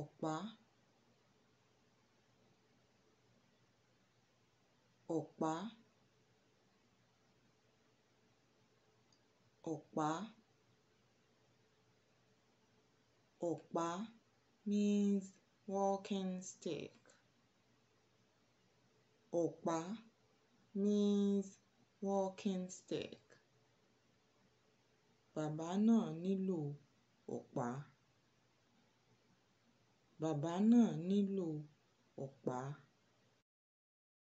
ọ̀pá ọ̀pá ọ̀pá ọ̀pá means walking stick ọ̀pá means walking stick bàbá náà nílò ọ̀pá. Bábà náà nílò ọ̀pá.